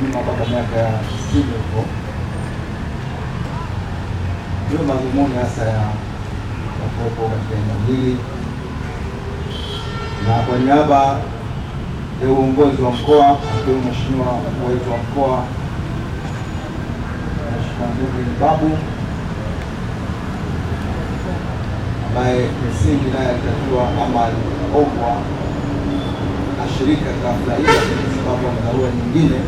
nyuma mpaka miaka ya sitini huko. Ndio madhumuni hasa ya wakuwepo katika eneo hili, na kwa niaba ya uongozi wa mkoa akiwemo mheshimiwa mkuu wetu wa mkoa Mheshimiwa Godwin Babu ambaye misingi naye alitakiwa ama aliombwa ashirika katika hafla hii kwa sababu ya dharura nyingine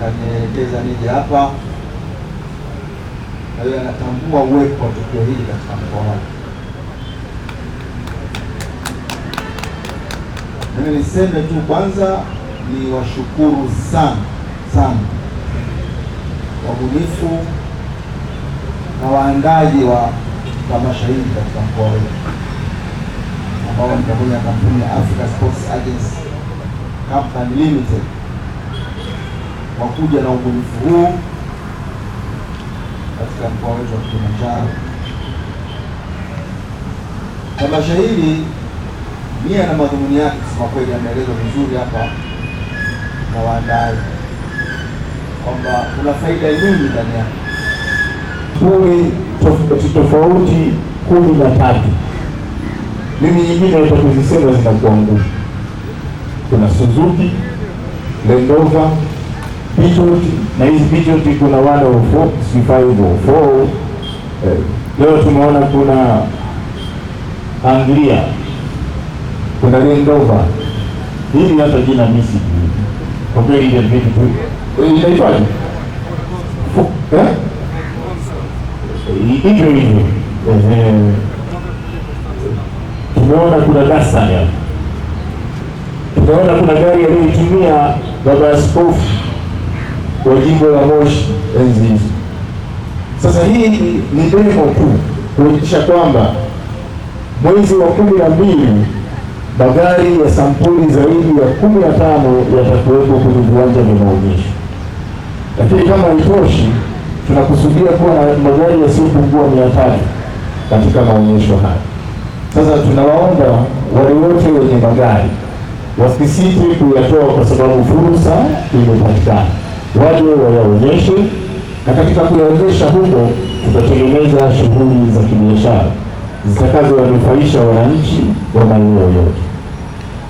akanielekeza nije hapa, na yeye anatambua uwepo wa tukio hili katika mkoa wake. Mimi niseme tu kwanza, ni washukuru sana sana wabunifu na waandaji wa tamasha hili katika mkoa wetu ambao ni kampuni ya Africa Sports Agency Company Limited kwa kuja na ubunifu huu katika mkoa wetu wa Kilimanjaro. Tamasha hili nia na madhumuni yake kusema kweli yameelezwa vizuri hapa na waandaaji kwamba kuna faida nyingi ndani yake. Kundi tofauti tofauti kumi na tatu, mimi nyingine zinakuwa ngumu. Kuna Suzuki Land Rover Beetroot, na hizi beetroot kuna wale wa 104, 504. Eh, leo tumeona kuna Anglia, kuna Land Rover. Hili hata jina misi kwa kweli ile vitu tu eh, inaitwaje? Eh? Hivyo hivyo. Eh. Tumeona kuna Dasani hapa. Tumeona kuna gari aliyoitumia baba askofu wa jimbo la Moshi enzi hizo. Sasa hii ni demo tu kuhakikisha kwamba mwezi wa kumi na mbili magari ya sampuli zaidi ya kumi na tano yatakuwepo kwenye viwanja vya maonyesho, lakini kama haitoshi, tunakusudia kuwa na magari yasiyopungua mia tatu katika maonyesho haya. Sasa tunawaomba wale wote wenye magari wasisite kuyatoa, kwa sababu fursa imepatikana watu wayaonyeshe, na katika kuyaonyesha huko tutatengeneza shughuli za kibiashara zitakazowanufaisha wananchi wa maeneo yote.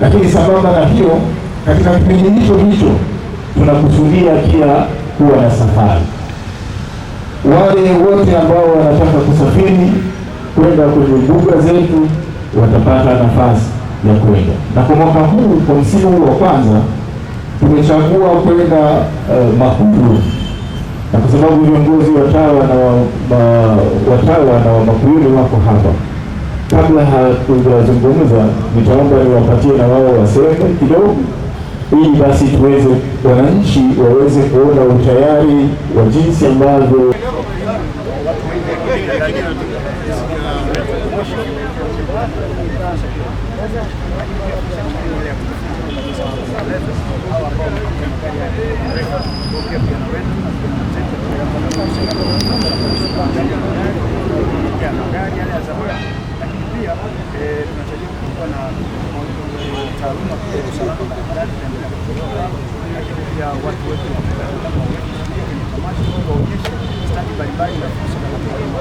Lakini sambamba na hiyo, katika kipindi hicho hicho tunakusudia pia kuwa na safari. Wale wote ambao wanataka kusafiri kwenda kwenye mbuga zetu watapata nafasi ya kwenda, na kwa mwaka huu, kwa msimu huu wa kwanza kuchagua kwenda uh, na kwa sababu viongozi watawa na watawa na Wamakuyuni wako hapa, kabla hatujazungumza, nitaomba niwapatie na wao waseme kidogo, ili basi tuweze wananchi waweze kuona utayari wa jinsi ambavyo lakini pia tunatarajia kuwa na taaluma ya usalama barabarani stadi mbalimbali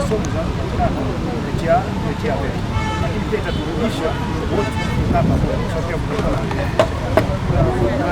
somo zinazopatikana kupitia kupitia, lakini pia itaturudisha wote hapa kwa sababu